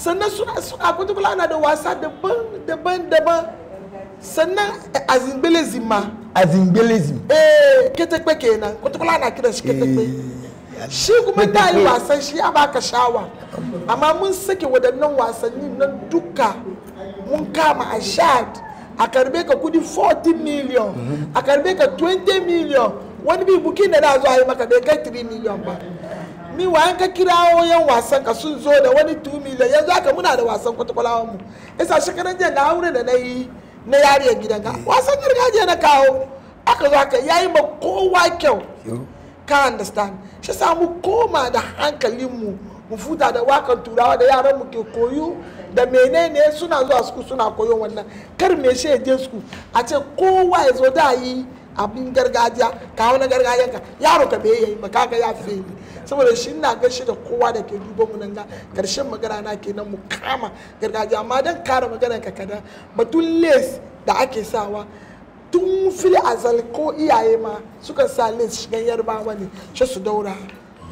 A: sannan suna suna kwatakwala na da wasa daban daban daban sannan eh, azimbilism ma azimbilism eh ketekpe kenan kwatakwala na kiran shi ketekpe eh. shi kuma ta yi wasan shi a baka shawa amma mun sake waɗannan wasanni na duka mun kama a shad a karbe ka kudi 14 million a karbe ka 20 million wani bi bukin da na a yi maka bai kai 3 million ba mi wayan ka kirawo yan wasan ka sun zo da wani 2 million yanzu haka muna da wasan kwatakwalawan mu isa shekaran jiya na aure da na yi na yariya gidan ka eh. wasan gargajiya na kawo aka zo haka yayi ma kowa kyau ka understand shi sa koma da hankalin mu futa da wakan turawa da yaran mu ke koyo da menene suna zuwa suku suna koyo wannan kar me shi je suku a ce kowa ya zo da yi abin gargajiya ka wani gargajiyarka ka yaro ka bai yi maka ka ya fi ni saboda shi na gashi da kowa da ke duba mu nan ga karshen magana na kenan mu kama gargajiya amma dan kare magana ka kada batun les da ake sawa tun fili azal ko iyaye ma suka sa list shigan yarbawa ne shi su daura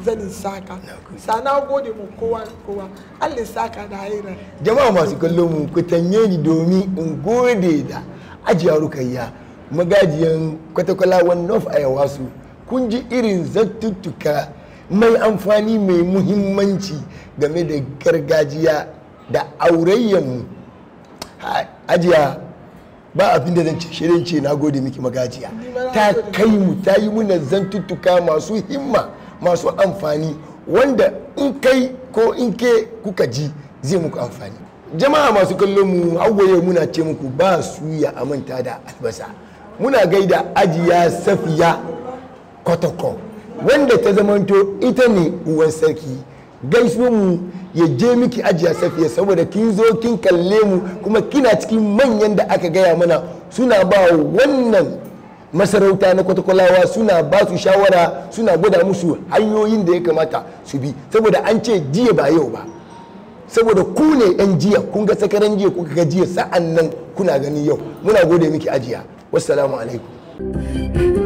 A: zanin saka sana gode mu kowa kowa allah saka da haira jama'a masu kallo mu ku tanye ni domin in gode da ajiya rukayya magajiyan kwatakwalawan north ayawasu kun ji irin zattuttuka mai amfani mai muhimmanci game da gargajiya da mu ajiya ba abin da zan ce shirin ce na gode miki magajiya ta kai mu ta yi muna zantuttuka masu himma masu amfani wanda in kai ko in ke kuka ji zai muku amfani jama'a masu kallon mu agwaye muna ce muku ba suya a manta da albasa muna gaida ajiya safiya kwatakwa wanda ta zamanto ita ne uwan sarki gaisuwanmu ya je miki ajiya safiya saboda kin zo kin kalle mu kuma kina cikin manyan da aka gaya mana suna ba wannan masarauta na kwatakwalawa suna ba su shawara suna gwada musu hanyoyin da ya kamata su bi saboda an ce jiya ba yau ba saboda ku ne yan jiya kun ga sakaran jiya kuka ga jiya sa'an nan kuna gani yau muna gode miki ajiya wassalamu alaikum